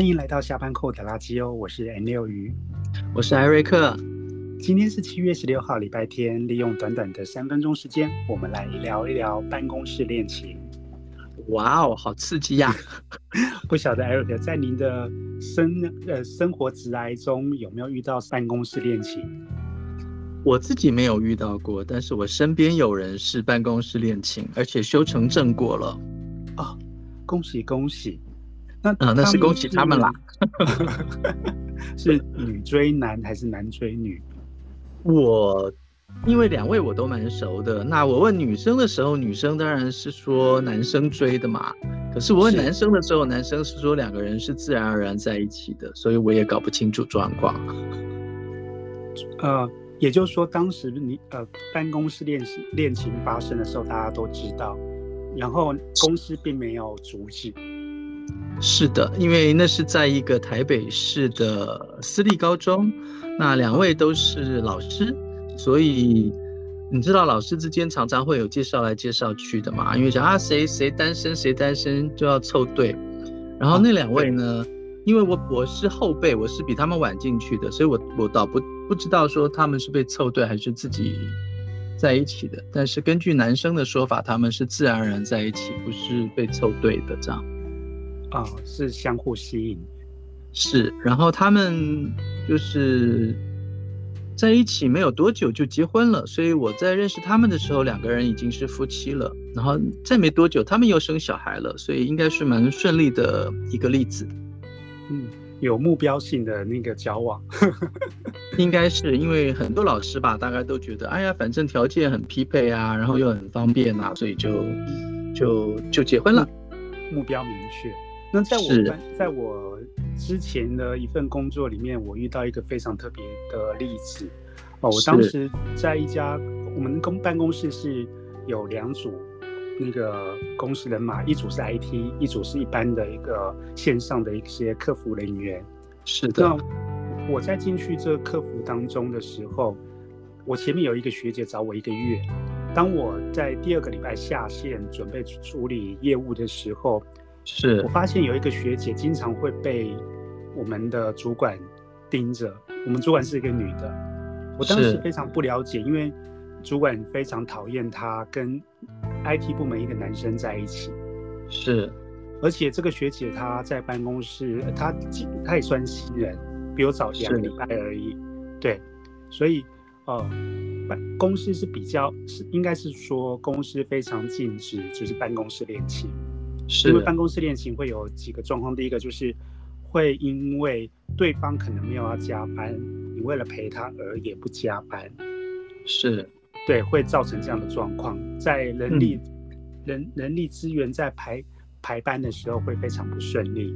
歡迎來到下班後的拉基歐，我是 Neil 魚，我是艾瑞克。今天是七月十六號，禮拜天。利用短短的三分鐘時間，我們來聊一聊辦公室戀情。哇哦，好刺激呀、啊！ 不曉得艾瑞克在您的生呃生活職涯中有沒有遇到辦公室戀情？我自己沒有遇到過，但是我身邊有人是辦公室戀情，而且修成正果了、嗯哦。恭喜恭喜！那是、嗯、那是恭喜他們啦。 是女追男還是男追女？我因為兩位我都蠻熟的，那我問女生的時候，女生當然是說男生追的嘛。可是我問男生的時候，是男生是說兩個人是自然而然在一起的，所以我也搞不清楚狀況。呃，也就是說，當時你呃辦公室戀情，戀情發生的時候，大家都知道，然後公司並沒有阻止。是的，因為那是在一個台北市的私立高中，那兩位都是老師，所以你知道老師之間常常會有介紹來介紹去的嘛。因為講啊誰誰單身誰單身就要湊對，然後那兩位呢，對因為我我是後輩，我是比他們晚進去的，所以我我倒不不知道說他們是被湊對還是自己在一起的，但是根據男生的說法，他們是自然而然在一起，不是被湊對的這樣。啊、哦，是相互吸引，是。然後他們就是在一起沒有多久就結婚了，所以我在認識他們的時候，兩個人已經是夫妻了。然後再沒多久，他們又生小孩了，所以應該是蠻順利的一個例子。嗯，有目標性的那個交往， 應該是因為很多老師吧，大概都覺得，哎呀，反正條件很匹配啊，然後又很方便啊，所以就就就結婚了。目標明確。那在我在在我之前的一份工作裡面，我遇到一個非常特別的例子哦。我當時在一家我們公辦公室是有兩組那個公司人馬，一組是 IT，一組是一般的一個線上的一些客服人員。是的。那我在進去這個客服當中的時候，我前面有一個學姐找我一個月。當我在第二個禮拜下線準備處理業務的時候，是，我發現有一個學姐經常會被我們的主管盯着。我們主管是一個女的，我當時非常不了解，是因為主管非常討厭她跟 IT 部門一個男生在一起。是，而且這個學姐她在辦公室，她她也算新人，比我早兩個禮拜而已。是對，所以呃，公司是比較是應該是說公司非常禁止就是辦公室戀情。因為辦公室戀情會有幾個狀況，第一個就是，會因為對方可能沒有要加班，你為了陪他而也不加班，是對，會造成這樣的狀況，在人力、嗯、人人力資源在排排班的時候會非常不順利，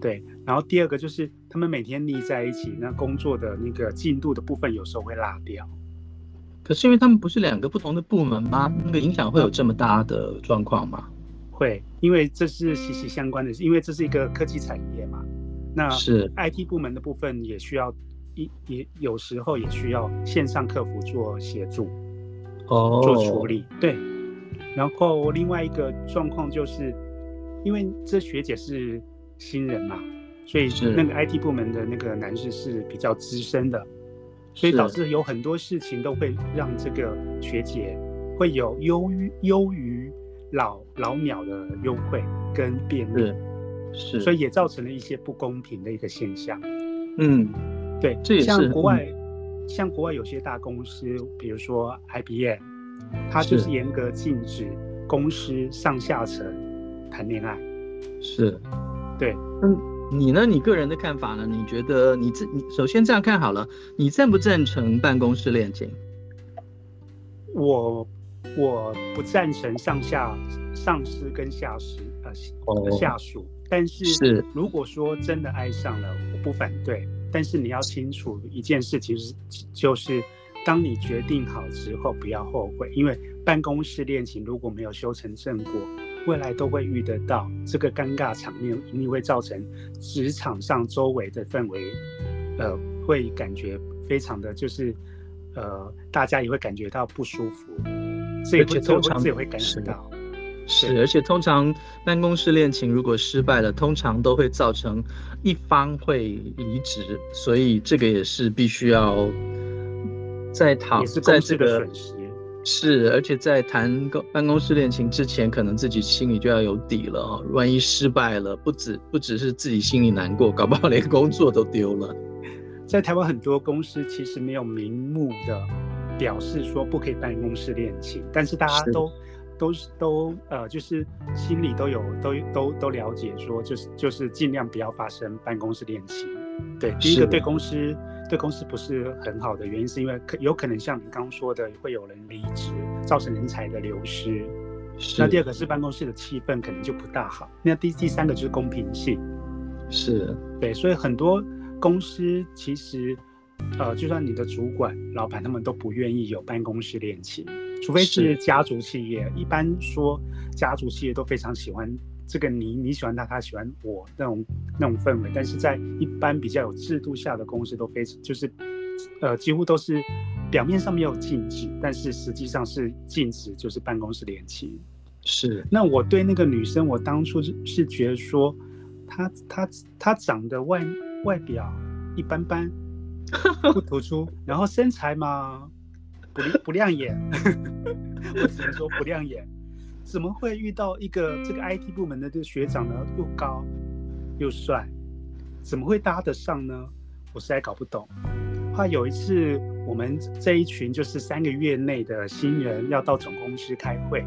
對，然後第二個就是他們每天膩在一起，那工作的那個進度的部分有時候會落掉，可是因為他們不是兩個不同的部門嗎？那個影響會有這麼大的狀況嗎？對，因為這是息息相關的，因為這是一個科技產業嘛。那是 IT 部門的部分也需要，也也有時候也需要線上客服做協助，哦，做處理。Oh. 對。然後另外一個狀況就是，因為這學姐是新人嘛，所以那個 IT 部門的那個男士是比較資深的，所以導致有很多事情都會讓這個學姐會有優於優於。老老鳥的優惠跟便利，是，是。所以也造成了一些不公平的一個現象。嗯，對，這也是像國外，嗯、像國外有些大公司，比如說 IBM，它就是嚴格禁止公司上下層談戀愛。是，對，嗯，你呢？你個人的看法呢？你覺得你這你首先這樣看好了，你贊不贊成辦公室戀情？我。我不贊成上下、上司跟下屬，呃，oh, 下屬。但是，如果說真的愛上了，我不反對。是，但是你要清楚一件事，其實、就是、就是當你決定好之後，不要後悔，因為辦公室戀情如果沒有修成正果，未來都會遇得到這個尷尬場面。你會造成職場上周圍的氛圍，呃，會感覺非常的就是，呃，大家也會感覺到不舒服。所以，而且通常是對是，而且通常辦公室戀情如果失敗了，通常都會造成一方會離職，所以這個也是必須要在談，在這個是，而且在談公辦公室戀情之前，可能自己心裡就要有底了哦，萬一失敗了，不止不只是自己心裡難過，搞不好連工作都丟了。在台灣很多公司其實沒有明目的。表示說不可以辦公室戀情，但是大家都是都都呃，就是心裡都有都都都了解，說就是就是盡量不要發生辦公室戀情。對，是第一個對公司對公司不是很好的原因，是因為可有可能像你剛說的，會有人離職，造成人才的流失。是那第二個是辦公室的氣氛可能就不大好。那第第三個就是公平性。是。對，所以很多公司其實。呃，就算你的主管、老闆，他們都不願意有辦公室戀情，除非是家族企業。是一般說，家族企業都非常喜歡這個你你喜歡他，他喜歡我那種那種氛圍。但是在一般比較有制度下的公司，都非常，就是，呃，幾乎都是表面上沒有禁止，但是實際上是禁止就是辦公室戀情。是。那我對那個女生，我當初是覺得說，她她她長得外外表一般般。 不突出，然後身材嘛，不不亮眼， 我只能說不亮眼。怎麼會遇到一個這個 IT 部門的這個學長呢？又高又帥，怎麼會搭得上呢？我實在搞不懂。他有一次，我們這一群就是三個月內的新人要到總公司開會，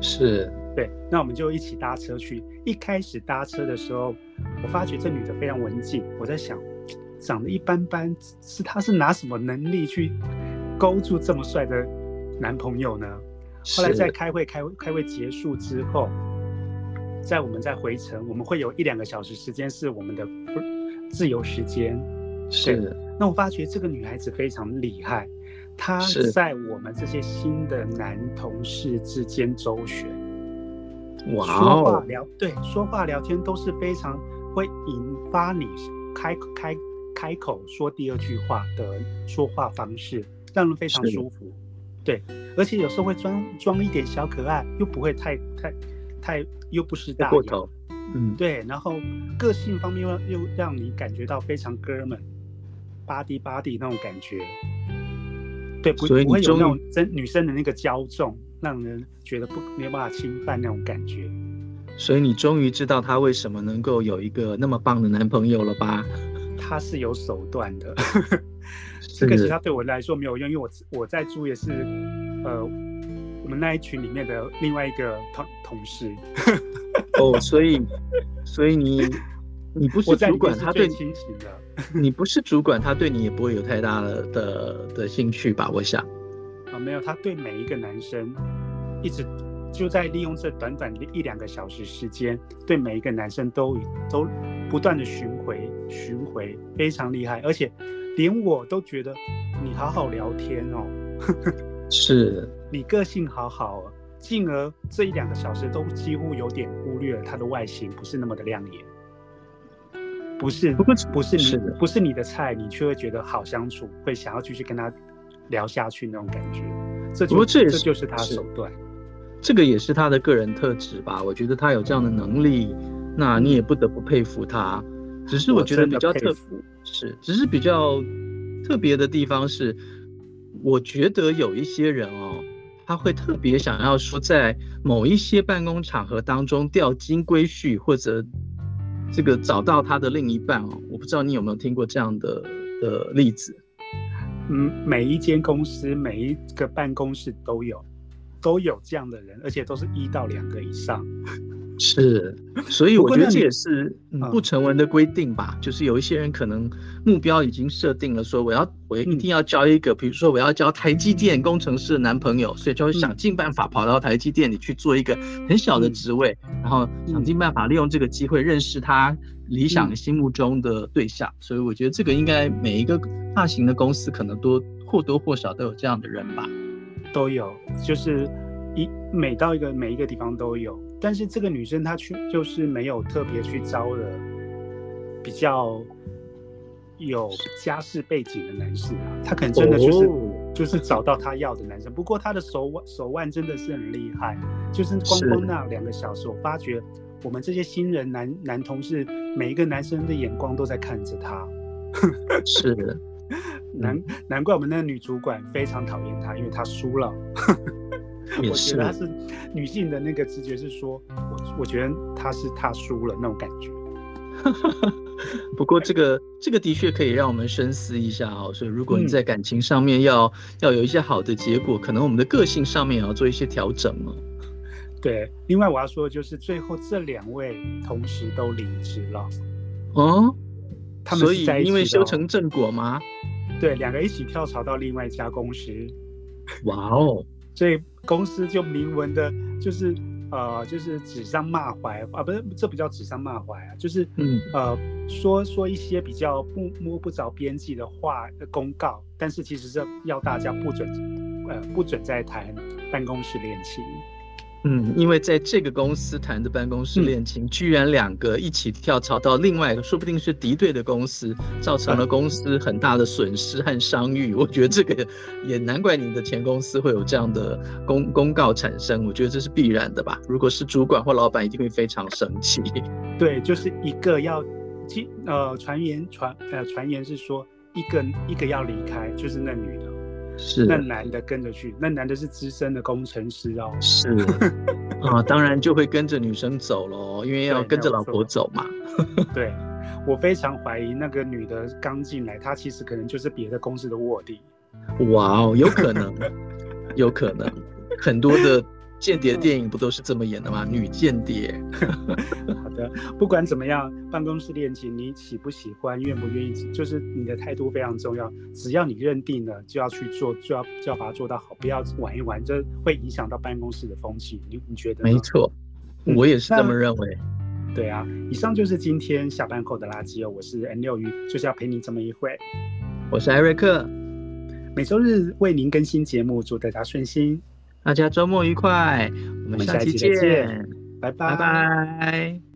是對，那我們就一起搭車去。一開始搭車的時候，我發覺這女的非常文靜，我在想。長得一般般，是他是拿什麼能力去勾住這麼帥的男朋友呢？後來在開會，的開開會結束之後，在我們在回程，我們會有一兩個小時時間是我們的自由時間。對，是的。那我發覺這個女孩子非常厲害，她在我們這些新的男同事之間周旋，哇，的說話聊 Wow 對，說話聊天都是非常會引發你開開。開開口說第二句話的說話方式，讓人非常舒服，是對，而且有時候會裝裝一點小可愛，又不會太太太又不是大過頭，嗯，對，然後個性方面又讓又讓你感覺到非常哥們，巴蒂巴蒂那種感覺，對，不所以你不會有那種真女生的那個驕縱，讓人覺得不沒有辦法侵犯那種感覺，所以你終於知道他為什麼能夠有一個那麼棒的男朋友了吧？他是有手段的，可是他對我來說沒有用，因為我我在住也是，呃，我們那一群裡面的另外一個同同事，哦，所以所以你你不是主管，他最清醒的，你不是主管，他對你也不會有太大的的，的興趣吧？我想啊、哦，沒有，他對每一個男生，一直就在利用這短短的一兩個小時時間，對每一個男生都都不斷的詢。.回巡迴，巡迴非常厲害，而且連我都覺得你好好聊天哦，是， 你個性好好哦，進而這一兩個小時都幾乎有點忽略了他的外形，不是那麼的亮眼，不是，不是，不是你的，不是你的菜，你卻會覺得好相處，會想要繼續跟他聊下去那種感覺，這就不，這也是，這就是他的手段，這個也是他的個人特質吧？我覺得他有這樣的能力，嗯，那你也不得不佩服他。只是我覺得比較特是，只是比較特別的地方是，我覺得有一些人哦，他會特別想要說，在某一些辦公場合當中釣金龜婿，或者這個找到他的另一半哦。我不知道你有沒有聽過這樣的的例子？嗯，每一間公司、每一個辦公室都有，都有這樣的人，而且都是一到兩個以上。是，所以我覺得這也是不成文的規定吧。嗯、就是有一些人可能目標已經設定了，說我要我一定要交一個，嗯、比如說我要交台積電工程師的男朋友，所以就會想盡辦法跑到台積電裡去做一個很小的職位，嗯、然後想盡辦法利用這個機會認識他理想心目中的對象。所以我覺得這個應該每一個大型的公司可能都或多或少都有這樣的人吧，都有，就是一每到一個每一個地方都有。但是這個女生她去就是沒有特別去招惹比較有家世背景的男士，啊，她可能真的就是，哦，就是找到她要的男生。不過她的手腕手腕真的是很厲害，就是光光那兩個小時，我發覺我們這些新人男男同事每一個男生的眼光都在看着他 是的，難、嗯、難怪我們那個女主管非常討厭她，因為她輸了。我覺得他是女性的那個直覺是說，我我覺得她是她輸了那種感覺。 不過這個這個的確可以讓我們深思一下哦。所以如果你在感情上面要、嗯、要有一些好的結果，可能我們的個性上面也要做一些調整哦。對，另外我要說的就是最後這兩位同時都離職了。哦，他們是在一起的、哦、所以因為修成正果嗎？對，兩個一起跳槽到另外一家公司。哇哦。所以公司就明文的，就是呃，就是指桑罵槐啊，不是這不叫指桑罵槐啊，就是嗯，嗯呃說說一些比較不摸不着邊際的話的公告，但是其實這要大家不准呃不准再談辦公室戀情。嗯，因為在這個公司談的辦公室戀情，嗯、居然兩個一起跳槽到另外一個，說不定是敵對的公司，造成了公司很大的損失和商譽。嗯、我覺得這個也難怪你的前公司會有這樣的公公告產生。我覺得這是必然的吧？如果是主管或老板，一定會非常生氣。對，就是一個要，呃，傳言傳呃，傳言是說一個一個要離開，就是那女的。是那男的跟着去，那男的是資深的工程師哦。是 啊，當然就會跟着女生走嘍，因為要跟着老婆走嘛。 對，對，我非常懷疑，那個女的剛進來，她其實可能就是別的公司的臥底。哇哦，有可能，有可能， 很多的。間諜電影不都是這麼演的嗎？女間諜。好的，不管怎麼樣，辦公室戀情，你喜不喜歡，願不願意，就是你的態度非常重要。只要你認定了，就要去做，就要就要把它做到好，不要玩一玩，就會影響到辦公室的風氣。你你覺得？沒錯，我也是這麼認為，嗯。對啊，以上就是今天下班後的拉基歐。我是 N 六魚，就是要陪你這麼一會。我是艾瑞克，每周日為您更新節目，祝大家順心。大家周末愉快，我們下期見，拜拜。拜拜。